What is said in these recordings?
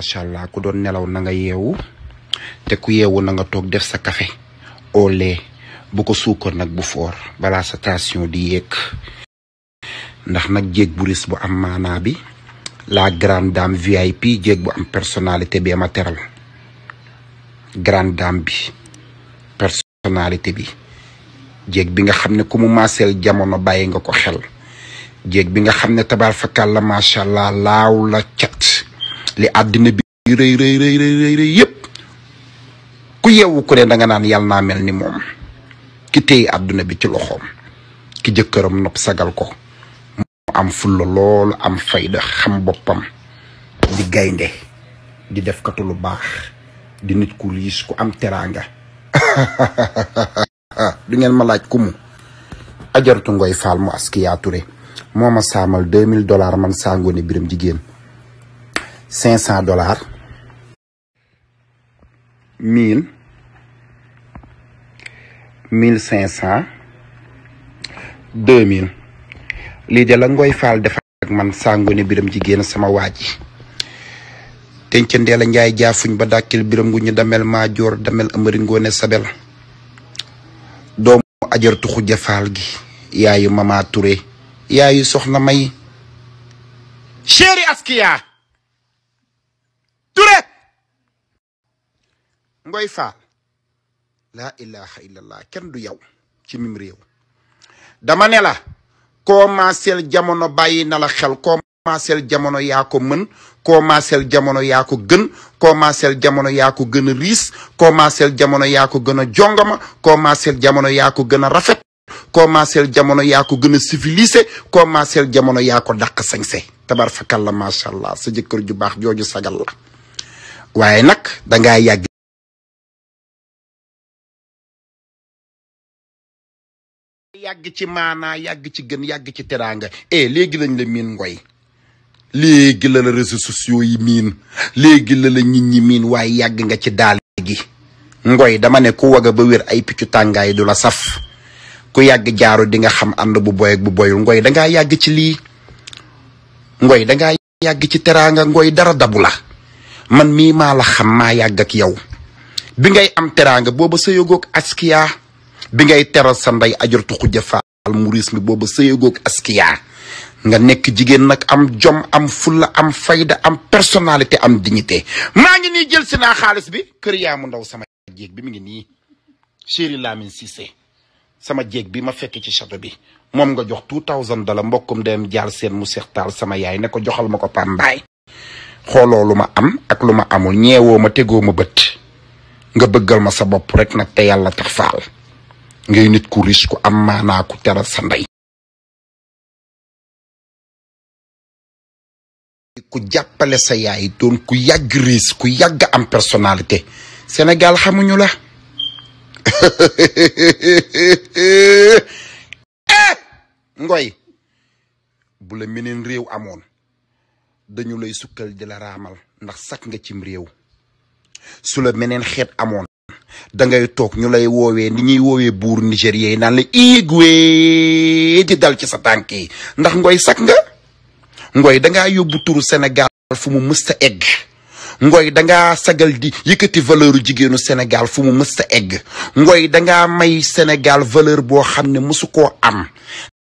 machallah ku don nelaw na nga yewu te ku yewu na nga tok def sa café au lait bu ko suukar nak bu for bala sa tension di yek ndax nak jeeg bu ris bu am mana bi la grande dame vip jeeg bu am personnalité bi ama teral grande dame bi personnalité bi jeeg bi nga xamne kumu masel jamono baye nga ko xel jeeg bi nga xamne ne tabaar la chat allah li adina bi reey reey reey reey reey yep ku yeewu ku ne da nga nan yalla na melni ni ki tey aduna bi ci loxom ki jeukeram nop sagal ko am fulu lol am fayda xam bopam di gaynde di def katu lu bax di nit ku liis ku am teranga, du ngeen ma laaj kumu mu ajartu ngoy fal mu askiya touré moma samal 2000 dollars man saa birim jigen 500 dollars 1000 1500 2000 li jala ngoy fal def ak man sàngone biram jigéen sama waaji ndela njaay jaafuñ ba dakil biram gu ñu damel ma jor damel amari ngone sabel ajer tu xuje fal gi yaayu mama Touré yaayu soxna may chéri askiya Touré Ngoy fa. la ilaha illallah Ken du yaw. ci mim réew dama ne la koma sel jamono bayi na la xel koo maaseel jamono yaa ko mën koo jamono yaa ko gën sel jamono yaa ko gën jamono yaa ko jongama koo jamono yaa ko rafet koo jamono ya ko gën a civilisé jamono ya ko dàq sañse tabarfakalla macha sa jëkkër ju sagal la waaye nag danga yàgg ci maanaa yàgg ci gën yàgg ci teraanga eh léegi lañ la miin ngoy léegi la la réseaux sociaux yi miin léegi la la nit ñi miin waaye yàgg nga ci daal gi ngoy dama ne ku waga ba wér ay piccu tàngaay du la saf ku yàgg jaaro dinga xam ànd bu boy bu boyul ngoy danga yàgg ci lii ngoy danga yàgg ci teraanga ngoy dara dabu la man mi ma la xam ma yag ak yow bi ngay am teranga bobu seyogok askiya bi ngay teral sa ajur ajurtu xujja faal muris mi askia, sëyogoog askiya nga nek jigen nak am jom am fulla am fayda am personnalité am dignité ma ngi ni jël sina naa bi keur ya mu ndaw sama jéeg bi mi ngi ni chéri lamine cissé sama jéeg bi ma fekk ci château bi mom nga jox 2000 dala mbokum dem jaar sen mu taal sama yaay ne ko joxal mako xolo luma am ak luma ma amul ñeewoo ma tegoo ma bëtt nga bëggal ma sa bopp rek nag te yàlla tax faal ngay nit ku riche am maanaa ku teral sa ndey ku jàppale sa yaay doon ku yàgg ku yàgg am personnalité Sénégal xamuñu la eh! ngoy bu la meneen réew amoon dañu lay sukkal di la raamal ndax sakk nga cim réew su la meneen xeet amoon da ngay toog ñu lay woowee ni ñuy woowee buur Nigéria yi naan la igwe di dal ci sa tànk yi ndax ngoy sakk nga ngoy dangaa yóbbu turu Sénégal fu mu mës ta egg ngoy danga sagal di yëkkati valeur jigéenu Sénégal fu mu mës ta egg ngoy dangaa may Sénégal valeur boo xam ne mosu koo am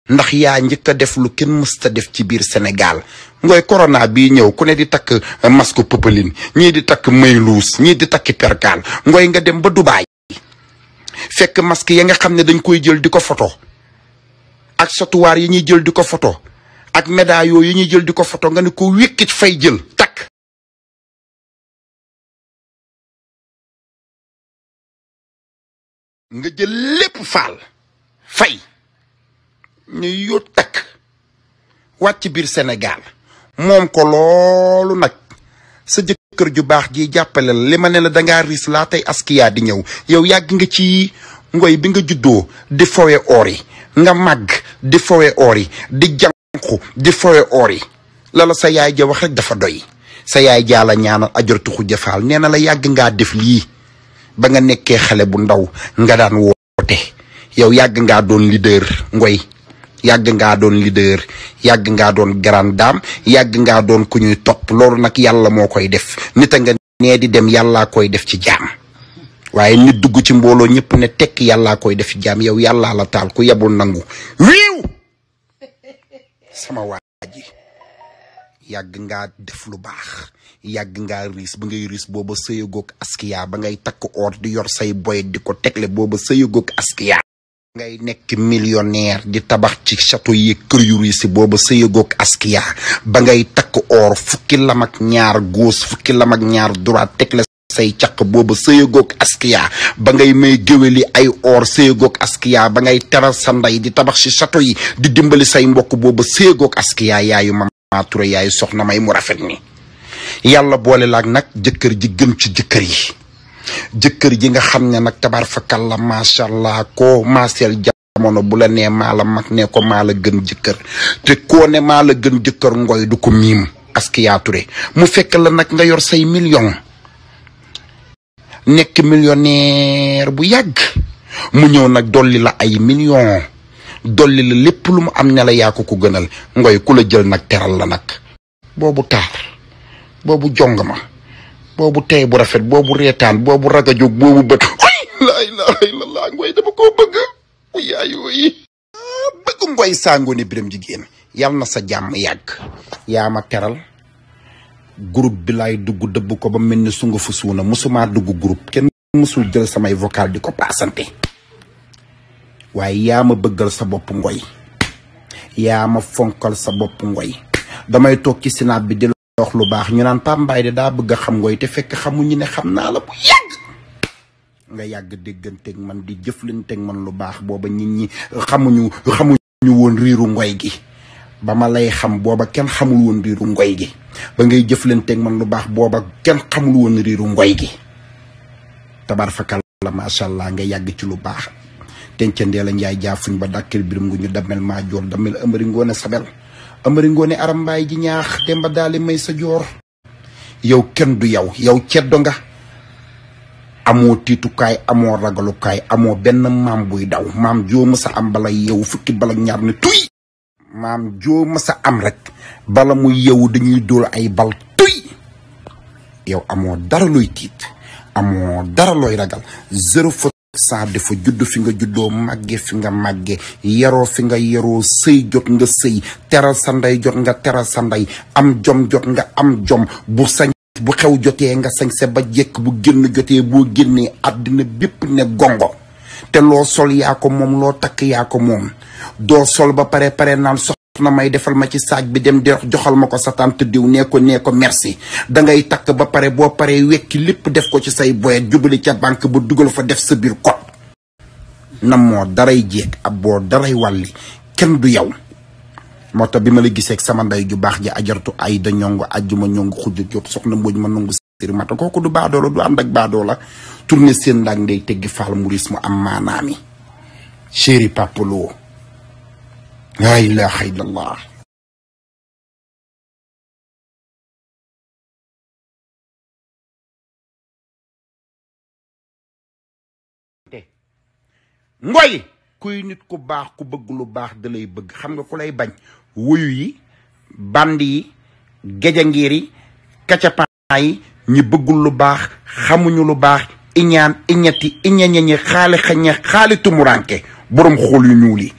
ndax ya ñëk def lu kenn musta def ci biir sénégal ngoy corona bi ñëw ku ne di tak eh, masque popeline ñi di takk mayluus ñi di tak perkaal ngoy nga dem ba dubai fekk masque ya nga xamne dañ koy jël diko ko photo ak sotuwaar yi ñi jël diko photo ak médailloo yi ñi jël diko photo nga ne ko fay jël tak nga jël lepp fal fay ñu yóot takk wàcc biir Sénégal moom ko loolu nag sa jëkkër ju baax ji jàppale la li ma ne la dangaa riis laa tey askiya di ñëw yow yàgg nga ci ngoy bi nga juddoo di fowe oor nga màgg di fowe oor di jànqu di fowe oor yi lala sa yaay ja wax rek dafa doy sa yaay jaala ñaanal ajortu xuja faal nee na la yàgg ngaa def lii ba nga nekkee xale bu ndaw nga daan woote yow yàgg ngaa doon leader ngoy yag nga don leader yag nga don grande dame yag nga don ku ñuy top loolu nak yalla mo koy def nit nga ne di dem yalla koy def ci jam waye nit dugg ci mbolo ñëpp ne tek yalla koy def ci jam yow yalla la taal ku yabul nangu wiw sama waji yag nga def lu bax yag nga ris ba ngay ris bobu sëyagoog askiya ba ngay tak or di yor say boy diko tekle bobu booba askiya ngay nekk millionnaire di tabax ci château yi kër yu riis booba sëyagoog askiya ba ngay takk or fukki lam ñaar gauche fukki lam ñaar droite teg la say caq booba sëyagoog askiya ba ngay may géwéli ay or sëyagoog askiya ba ngay tera sa ndey di tabax ci château yi di dimbali say mbokk booba sëyagoog askiya yaayu Mama Touré yaayu soxna may mu rafet ni yàlla boole laak nag jëkkër ji gën ci jëkkër yi jëkkër ji nga xam ne nag tabaar la macha allah koo maaseel jamono bu la nee maa la mag ne ko maa gën jëkkër te koo ne maa gën jëkkër ngoy du ko miim Askia Touré mu fekk la nag nga yor say million nekk millionnaire bu yàgg mu ñëw nag dolli la ay million dolli la lépp lu mu am ne la yaa ko ko gënal ngoy ku la jël nag teral la nag boobu taar boobu jong ma bobu tay bu rafet bobu reetaan bobu raga jóg boobu bët la ilaha illallah ngoy dama koo bëgg yaayooyi ah, beug ngoy sangoone biram jigen yalna sa jam yag yaa ma teral groupe bi lay dug deub ko ba melni ni sunga fu suuna groupe ken musul jël sama vocal di ko waye ya, ma bëggal sa bop ngoy yaa ma fonkal sa bop ngoy damay tok ci sinaab bi wax lu baax ñu naan Pape Mbaye daa bëgg xam ngoy te fekk xamuñu ne xam naa la bu yàgg nga yàgg dégganteeg man di jëflanteeg man lu baax booba nit ñi xamuñu xamuñu woon riiru ngoy gi ba ma lay xam booba kenn xamul woon riiru ngoy gi ba ngay jëflanteeg man lu baax booba kenn xamul woon riiru ngoy gi tabar fakal la macha allah nga yàgg ci lu baax tencandee la njaay jaafuñ ba dàkkil birum ngu ñu damel maa joor damel ëmari ngoone sabel amari ngoone aram mbaay ji ñaax demba daali may sa joor yow kenn du yow yow ceddo nga amoo tiitukaay amoo ragalukaay amoo benn maam buy daw maam jooma sa am bala yow fukki bala ñaar ne tuy maam jooma sa am rek bala muy yow dañuy dóol ay bal tuy yow amoo dara looy tiit amoo dara looy ragal Sarr dafa judd fi nga juddoo màgge fi nga màgge yaroo fi nga yaroo sëy jot nga sëy teral sa ndey jot nga teral sa ndey am jom jot nga am jom bu sañ bu xew jotee nga sañ sa ba jekk bu génn jotee boo génnee àddina bépp ne gongo te loo sol yaa ko moom loo takk yaa ko moom doo sol ba pare pare naan na may defal ma ci saaj bi dem de joxal mako satan sa tante diw nee ko nee ko merci dangay ba pare bo pare wekki lepp def ko ci say boyet jubali ci bank bu dugal fa def sa bir ko na moo daray jeeg ab boo daray wàlli ken du yaw moo bima la gisse ak sama nday ju bax ji ajartu ay da ñongu aljuma ñongu xuddu jóob soxna mbuj ma nangu sir mata koku du baadoola du and ak baadoola tourner sen ndaag ngay teggi faal mourisme am manami chéri papaloo laa ilaha illa allah kuy nit ku baax ku bëgg lu baax dalay bëgg xam nga ku lay bañ wuyu yi band yi géjangiir yi kacapaa yi ñi bëggul lu baax xamuñu lu baax iñaan iñati iñañañi xaali xaali tumuranke borom xool yu ñuul yi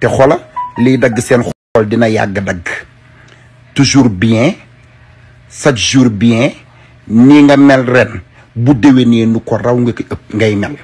te xola liy dagg seen xool dina yàgg dagg toujours bien chaque jours bien nii nga mel ren bu déwénee nu ko raw nga ko ëpp ngay mel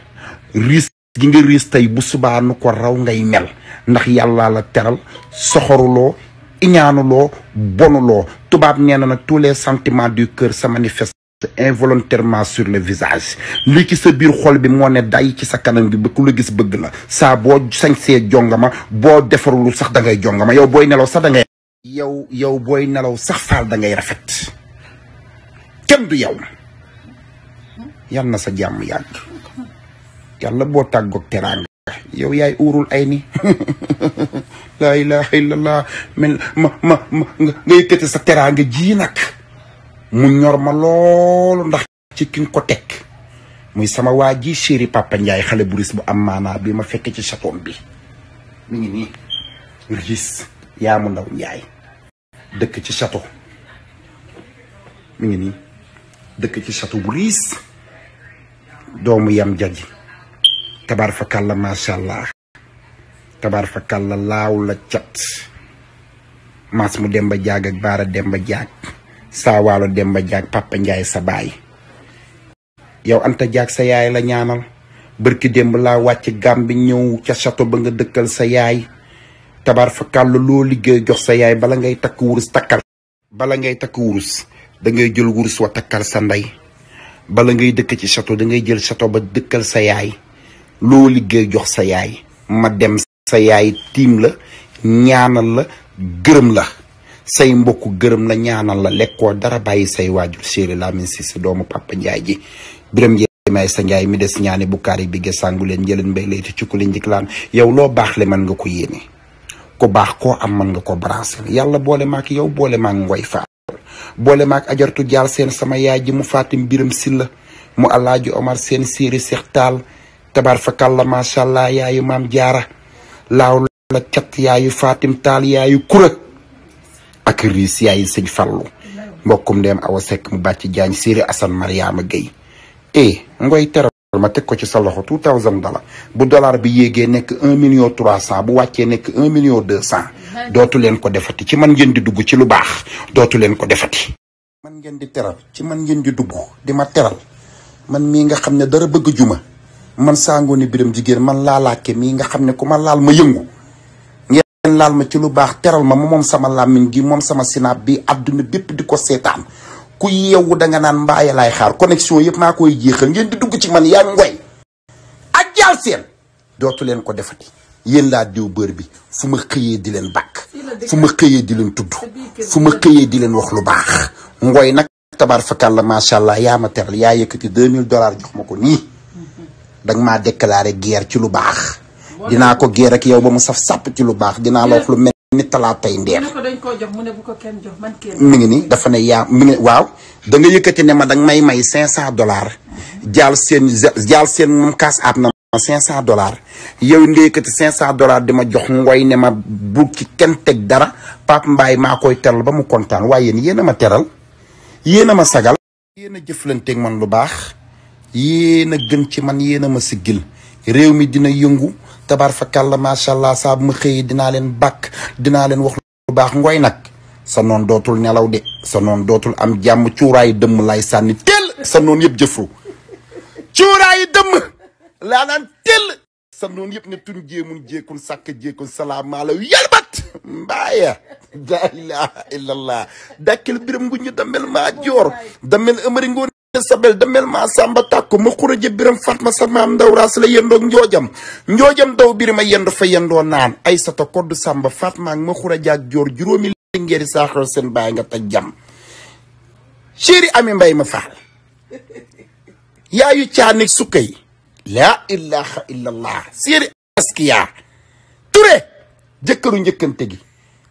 risque gi nga risque tey bu subaa nu ko raw ngay mel ndax yàllaa la teral soxoruloo iñaanuloo bonuloo tubaab nee na nag tous les sentiments du kër se manifestent involontairement sur le visage lii ci sa biir xol bi moo ne day ci sa kanam bi ba ku la gis bëgg la saa boo sañsee jongama boo defarul sax dangay ngay jongama yow booy nelaw sax da yow yow booy nelaw sax faal dangay rafet kenn du yow yal na sa jàmm yàgg yàlla boo tàggoog teraanga yow yaay uurul ay ni laa ilaha illallah mel ma ma nga yëkkati sa teraanga ji nag mu ñor ma lool ndax ci kiñ ko tek muy sama waji chéri papa ndjay xalé bouris bu amana mana bi ma fekk ci chaton bi mi ngi ni ris ya mu ndaw ndjay dekk ci chateau mi ngi ni dekk ci chateau bouris doomu yam jaji tabar fa kala ma sha allah tabar fa kala laaw chat mas mu demba jaag ak bara demba jaag walu dem ba jak Papa njay sa bay yow Anta jak sa yaay la ñaanal barki dem la wacc gambi ñew ci chateau ba nga dekkal sa yaay tabar fakal kàll loo liggéey jox sa yaay bala ngay tak wurs takkal bala ngay takk wurs da ngay jël wurs wa takkal sa nday bala ngay dekk ci chateau da ngay jël chateau ba dekkal sa yaay loo liggéey jox sa yaay ma dem sa yaay tim la ñaanal la la say mbokku gërëm la ñaanal la lekkoo dara bàyyi say waajur Chéri Lamine Cissé doomu Papa Ndiaye ji biram Ndiaye sa Ndiaye mi des ñaani bu yi bi ge sàngu leen njëleen mbay layti cukku leen njiklaan yow loo baax le mën nga ko yéene ko baax ko am mën nga ko brancher yàlla boole maak yow boole maak ngoy faal boole maak ajartu jaal seen sama yaay ji mu faatim biram silla mu alaaji omar seen séeri seex taal tabar fakalla masha allah yaayu maam jaara laaw la cat yaayu ak réussiya ay seigne Fallou mbokum dem Awa Seck mu bacci jaañ séeri Assane Mariama gay e eh, ngoy teral ma tek ko ci saloxo loxo two thousand dollar bu dollar bi yegge nek 1 million 300 bu wacce nek 1 million 200 dotu len ko defati ci man ngeen di dugg ci lu bax dotu len ko defati man ngeen di teral ci man ngeen di dugg di ma teral man mi nga xamne dara bëgg juma man sangoni biram man laake mi nga xamne kuma laal ma En laal ma ci lu bax teral ma mom sama lamine gi mom sama sinaab bi aduna bepp diko setan ku yewu da nga nan mbaaye ya lay xaar connexion yep maa jexal ngeen di dugg ci man ya ngoy ak jaal seen dootu ko defati yeen la diw beur bi fuma xeyé di len bak fuma xeyé di len tuddu fuma xeyé di len wax lu bax ngoy nak tabar fakal la allah ma teral ya yekati 2000 dollars jox mako ni dag ma déclarer guerre ci lu bax dinaa ko géer ak yow ba mu saf sàpp ci lu baax dinaa loof lu mel ni talaatay ndeer mu ngi nii dafa ne yaa mi ngi waaw da nga yëkkati ne ma danga may may cinq cent dollars jaal seen jaal seen moom kaas aat na ma cinq cent dollars yow nga yëkkati cinq cent dollars di ma jox ngoy ne ma bu ci kenn teg dara Pape Mbaye maa koy teral ba mu kontaan waaye yéen yéen a ma teral yéen a ma sagal yéen a jëflanteeg man lu baax yéen a gën ci man yéen a ma siggil réew mi dina yëngu tabar fa kàlla macha allah saa bu leen bàkk dinaa leen wax lu baax ngooy nag sa noon dootul nelaw de sa noon dootul am jàmm cuuraayu dëmm sànni teel sa noon yëpp jëfru laa naan teel sa noon yëpp ne tun jéemun jéekun sàkk jéekun salaamaala yalbat mbaaya laa ilaha illallah dakkil biram ngu ñu damel maa joor damel ëmëri sabel demel mel ma samba takku ma xuraje biram fatma sama mam ndaw ras la yendo njojam njojam daw birima yendo fa yendo nan ay sata samba fatma ma xuraje jor juromi ngeri saxal sen bay nga ta jam chéri ami mbay ma faal yaayu tiani sukay la ilaha illallah sir askiya ture jëkkëru ñeukante gi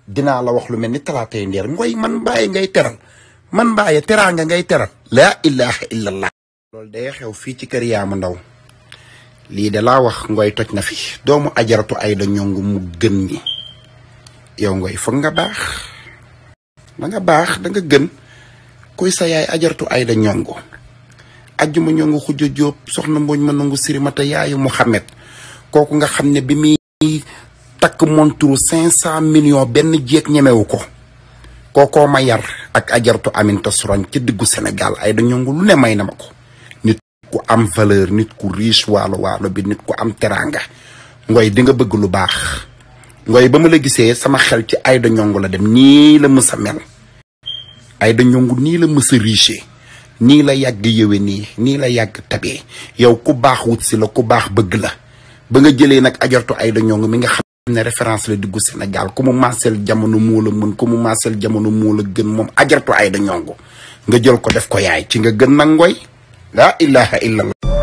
Dina la wax lu melni talatay ngoy man bay ngay teral man bàyyi teranga ngay teral la ilaha illallah lol day xew fi ci kër yaama ndaw li de la wax ngoy toj na fi doomu ajaratu ay da ñongu mu gën ni yow ngoy fa nga bax ma nga bax da nga gën kuy sa yaay ajaratu ay da ñongu ñongu job soxna moñ ma nangu sirimata yaayu Muhammad koku nga xamne bi mi tak montre 500 millions Koko mayar ak adjartu amin Soroñ ci diggu senegal ay dañu ngul lu ne may na nit ku am valeur nit ku riche walu walu bi nit ku am teranga ngoy di nga bëgg lu bax ngoy ba la gisé sama xel ci ay dañu ngul la dem ni la mësa mel ay dañu ngul ni la mësa riche ni la yagg yewé ni ni la yagg tabé yow ku bax wut si la ku bax bëgg la ba nga jëlé nak adjartu ay dañu ngul mi nga ne référence la diggu Sénégal ku mu maaseel jamono moo la mën ku mu maaseel jamono moo la gën moom ajartu ay da ñongo nga jël ko def ko yaay ci nga gën nag ngoy laa ilaha illallah